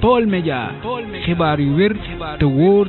Baolmedias xibaar yu wér te wóor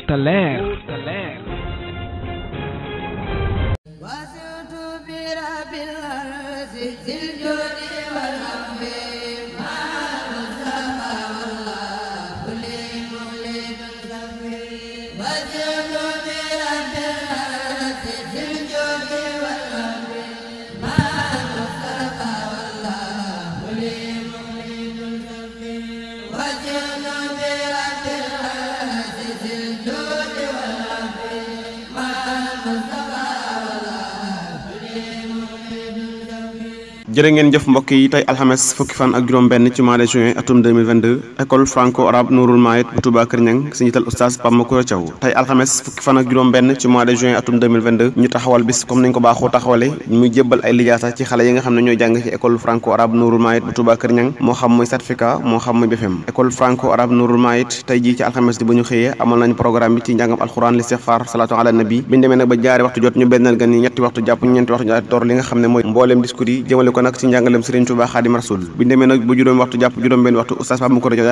jërë jëf mbokk yi tey alxames fukki fan ak juróom benn ci mois de juin atum 2022 franco arabe Nouroul Mahit bu Touba Kër si njiital oustaz Pape Makoura Thiaw tey alxames fukki fan ak juróom benn ci mois de juin atum 2022 taxawal bis comme nañ ko baaxoo taxawale muy jébbal ay lijaasa ci xale yi nga xam ne ñoo jàng ci école franco arabe Nouroul Mahit bu Touba Kër moo xam muy certificat moo xam muy BFEM école franco arabe Nouroul Mahit tey jii ci nag ci njàngalem Serigne Touba Khadim Rasoul bi demee nag bu juróomi waxtu jàpp juróom benn waxtu oustaz Pape Makhoudia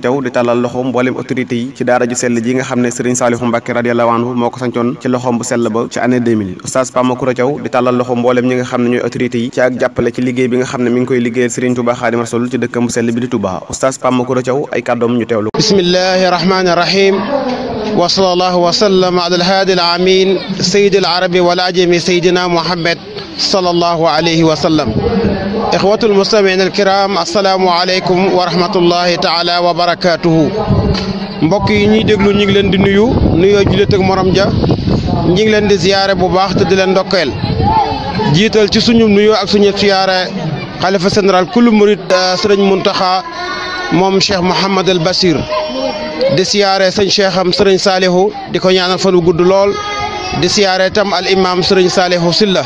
daan di tàllal loxo mbooleem autorité yi ci ak jàppale ci liggéey bi nga xam ne koy liggéeyal Serigne Touba Xaadimu Rasuul ci dëkkam sell bi di Touba oustaz Pape ay kàddoom ñu teewlu. bismillahi rahmaani rahim wa sallallahu wa sallam ala alhaadi alamin sayid alarabi wal ajami sayidina Muhammad sallallahu alayhi wa sallam ixwatu almustamiin alkiram assalaamu aleykum wa rahmatullahi taala wa barakatuhu mbokk yi ñuy déglu ñu ngi leen di nuyu nuyoo jullit ak morom ja ñu ngi leen di ziyaare bu baax te di ndokkeel jiital ci suñu nuyoo ak suñu ziyaare xalifa général kulu murit euh, sëriñ Muntaxa moom cheikh Mouhamad El Bassir di siyaare sëñ cheikh am sëriñ di ko ñaanal fan gudd lool di siyaare tam al imam sëriñ Saalihu Silla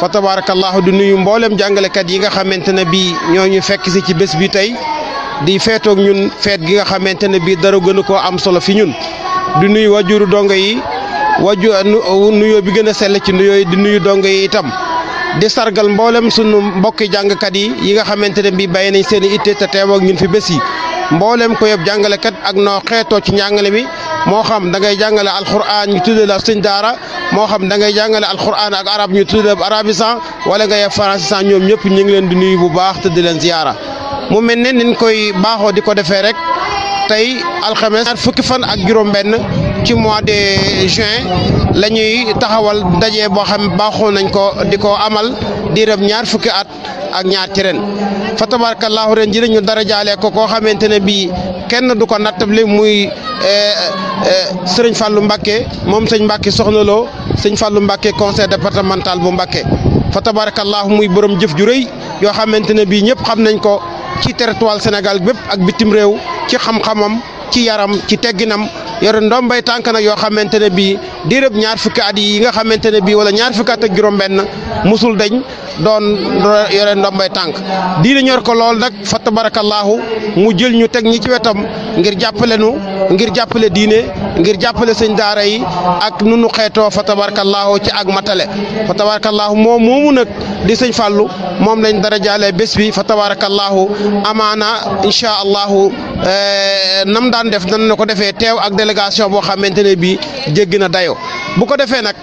fa tabaarakallaahu di nuyu mbooleem jàngalekat yi nga xamante ne bii ñoo ñu fekk si ci bés bi tey di feetoog ñun feet gi nga xamante ne bii dara gën gënu koo am solo fi ñun di nuyu wajuru dongo yi waju nuyoo bi gën a sell ci nuyoo yi di nuyu dongo yi itam. di sargal mboolem sunu mbokki jàngkat yi yi nga xamante ne bii bàyyi nañ seen i itte te teew ak fi bés yi mboolem ko jàngale kat ak noo xeetoo ci njàngale bi moo xam da ngay jàngale alxuraan ñu tuddee la sëñ daara moo xam da ngay jàngale alxuraan ak arab ñu tuddee arabisan wala ngay francisant ñoom ñëpp ñu ngi leen di nuyu bu baax te leen ziyaara mu mel ne niñ koy baaxoo di ko defee rek tey alxames fukki fan ak juróom-benn. ci mois de juin la ñuy taxawal ndaje boo xam baaxoo nañ ko di ko amal diirab ñaar fukki at ak ñaar ci ren fa tabarakallaahu ren ji ñu dara jaale ko koo xamante ne bii kenn du ko nattable muy eh, eh, sëriñ Fallou Mbacké moom sëñ Mbacké soxna loo sëñ fallu Mbacké conseil départemental bu Mbacké fa tabarakallaahu muy borom jëf ju rëy yoo xamante ne bii ñëpp xam nañ ko ci territoire Sénégal bépp ak bitim réew ci xam-xamam ci yaram ci tegginam yore ndombay tànk nag yoo xamante ne bii diirëb ñaar fukki at yi nga xamante ne bii wala ñaar fukki at ak juróom-benn musul dañ doon yore ndombay tànk diine ñor ko lool nag fa tabarakallaahu mu jël ñu teg ñi ci wetam ngir jàppale nu ngir jàppale diine ngir jàppale sëñ daara yi ak nunu xeetoo fa tabarakallaahu ci ak matale fa tabarakallaahu moom moomu nag di sëñ fàllu moom lañ dara jaalee bés bi fa tabarakallaahu amaana incha allahu Eh, nam daan def nan na ko defee teew ak délégation boo xamante ne bii jéggi na dayo bu ko defee nag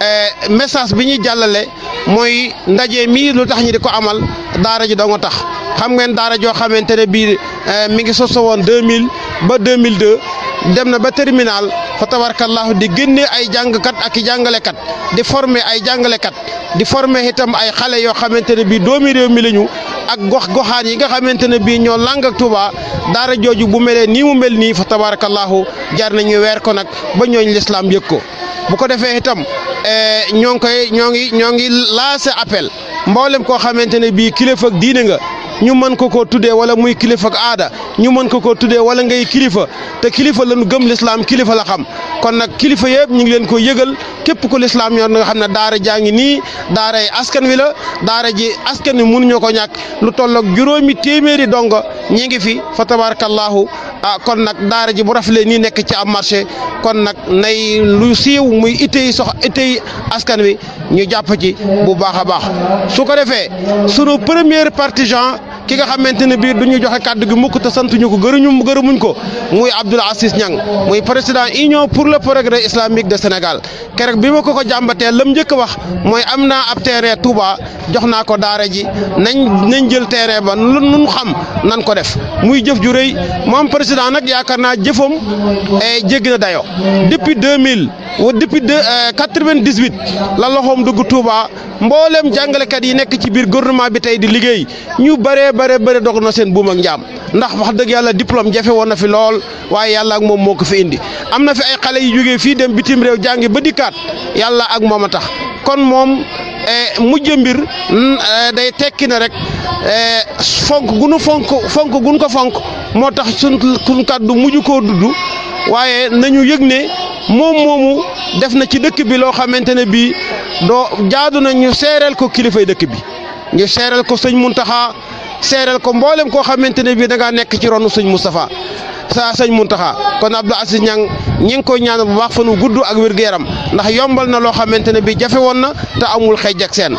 eh, message bi ñuy jàllale mooy ndaje mi lu tax ñi di ko amal daara ji dong tax xam ngeen daara joo xamante ne bii eh, mi ngi soso woon 2000 ba deux dem na ba terminal fa tabarkallahu di génne ay jàngkat ak i jàngalekat di former ay jàngalekat di former itam ay xale yoo xamante ne bii doomi réew mi lañu ak gox goxaan yi nga xamante ne bii ñoo làng ak Touba daara jooju bu melee nii mu mel nii fa tabarkallahu jaar nañu weer ko nag ba ñooñ lislaam yëg ko bu ko defee itam eh, ñoo ngi koy ñoo ngi ñoo ngi lancé appel mboolem koo xamante ne bii kilifa ak diine nga. ñu mën ko koo tuddee wala muy kilifa ak aada ñu mën ko koo tuddee wala ngay kilifa te kilifa la nu gëm lislaam kilifa la xam kon nag kilifa yëpp ñu ngi leen ko yëgal képp ko lislaam ñor na nga xam ne daara jaa ngi nii daara yi askan wi la daara ji askan wi mënuñoo ko ñàkk lu tollook juróomi téeméeri dongo ñi ngi fi fa tabarakallahu ah, kon nag daara ji bu raf rafetlee nii nekk ci am marché kon nag nay lu siiw muy itteey sox itteey askan wi ñu jàpp ci bu baax a baax ki nga xamante ne bii du ñu joxe kàddu gi mukk te sant ñu ko gërëñu ko muy Abdoul Aziz Niang muy président union pour le progrès islamique de Sénégal keroog bi ma ko ko jàmbatee lam njëkk wax mooy am naa ab terrain Touba jox naa ko daare ji nañ nañ jël terrain ba lu nu xam nan ko def muy jëf ju rëy moom président nag yaakaar naa jëfam eh, jéggi na dayo depuis 2000 depuis de 98 euh, la loxoom dugg Touba mbooleem jàngalekat yi nekk ci biir gouvernement bi tey di liggéey ñu bare bare bëri dog na seen buum ak njaam ndax wax dëgg yàlla diplôme jafe woon na fi lool waaye yàlla ak moom moo ko fi indi am na fi ay xale yu jógee fii dem bitim réew jàngi ba dikkaat yàlla ak moom a tax kon moom eh, mujj mbir eh, day tekki na rek eh, fonk gu fonk fonk gun ko fonk moo tax suñ kàddu mujj ko dudd waaye nañu yëg ne moom moomu def na ci dëkk bi loo xamante ne bii doo jaadu na ñu seereel ko kilifay dëkk bi ñu seereel ko sëñ Muntaxa seereel ko mboolem koo xamante ne bii da ngaa nekk ci ronu sëñ Moustapha sa sëñ Muntaxa kon Abdou Aziz Niang ñi ngi koy ñaanal bu baax fan gudd ak wér yaram ndax yombal na loo xamante ne bii jafe woon na te amul xeej ak seen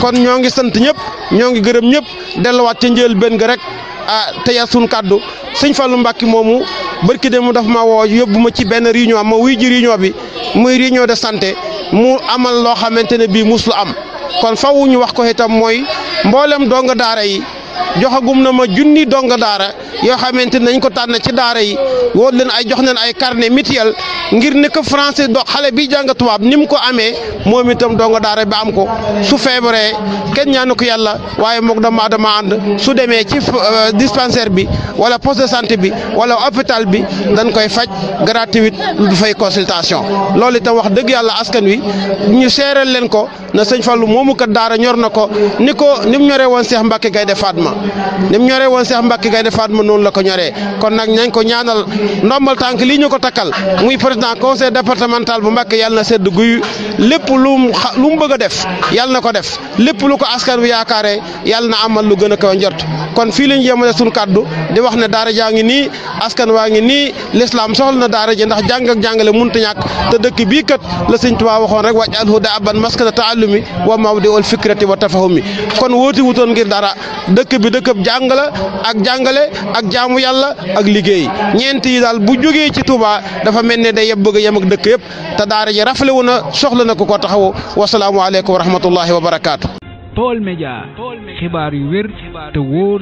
kon ñoo ngi sant ñëpp ñoo ngi gërëm ñëpp delluwaat ca njël benn ga rek ah teyal suñu kàddu suñ Fallou Mbacke moomu barki mu dafa ma woo yóbbu ma ci benn réunion ma wuy ji réunion bi muy réunion de santé mu amal loo xamante ne bii mus lu am kon faw ñu wax ko itam mooy mboolem donga daara yi. joxagum na ma junni donga daara yoo xamante ne nañ ko tànn ci daara yi woo leen ay jox leen ay karne mutuel ngir ne ko français do xale bi jàng tubaab ni mu ko amee moom itam donga daara bi am ko su feebaree kenn ñaanu ko yàlla waaye moog dama dama ànd su demee ci euh, dispensaire bi wala poste de santé bi wala hôpital bi dañ koy faj gratuite du fay consultation loolu itam wax dëgg yàlla askan wi ñu seereel leen ko na sëñ Fallou moomu kat daara ñor na ko ni ko ni mu ñoree woon Cheikh Mbacke Gaynde Fatma ni mu ñoree woon Cheikh Mbacke Gaynde Fatma noonu la ko ñoree kon nag nañ ko ñaanal ndombal tànk lii ñu ko takkal muy président conseil départemental bu Mbacke yàlla na sedd guy lépp lu mu lu def yàlla na ko def lépp lu ko askan wi yaakaare yàlla na amal lu gën a kaw njort kon fii la ñu yemale suñu kaddu di wax ne daara jaa ngi nii askan waa ngi nii lislaam soxla na daara ji ndax jàng ak jàngale mënut a ñàkk te dëkk bii kat la sëñ Tuubaa waxoon rek wa mawdi ol fikrati wa tafahumi kon wóoti wutoon ngir dara dëkk dëkk bi jàng la ak jàngale ak jaamu yàlla ak liggéey ñeent yi daal bu jógee ci Touba dafa mel ne day bëgg yem ak dëkk yëpp te daara ji rafle wu na soxla na ko ko taxawu wasalaamualeykum wa rahmatullahi wa barakaatu. Baol Média xibaar yu wér te wóor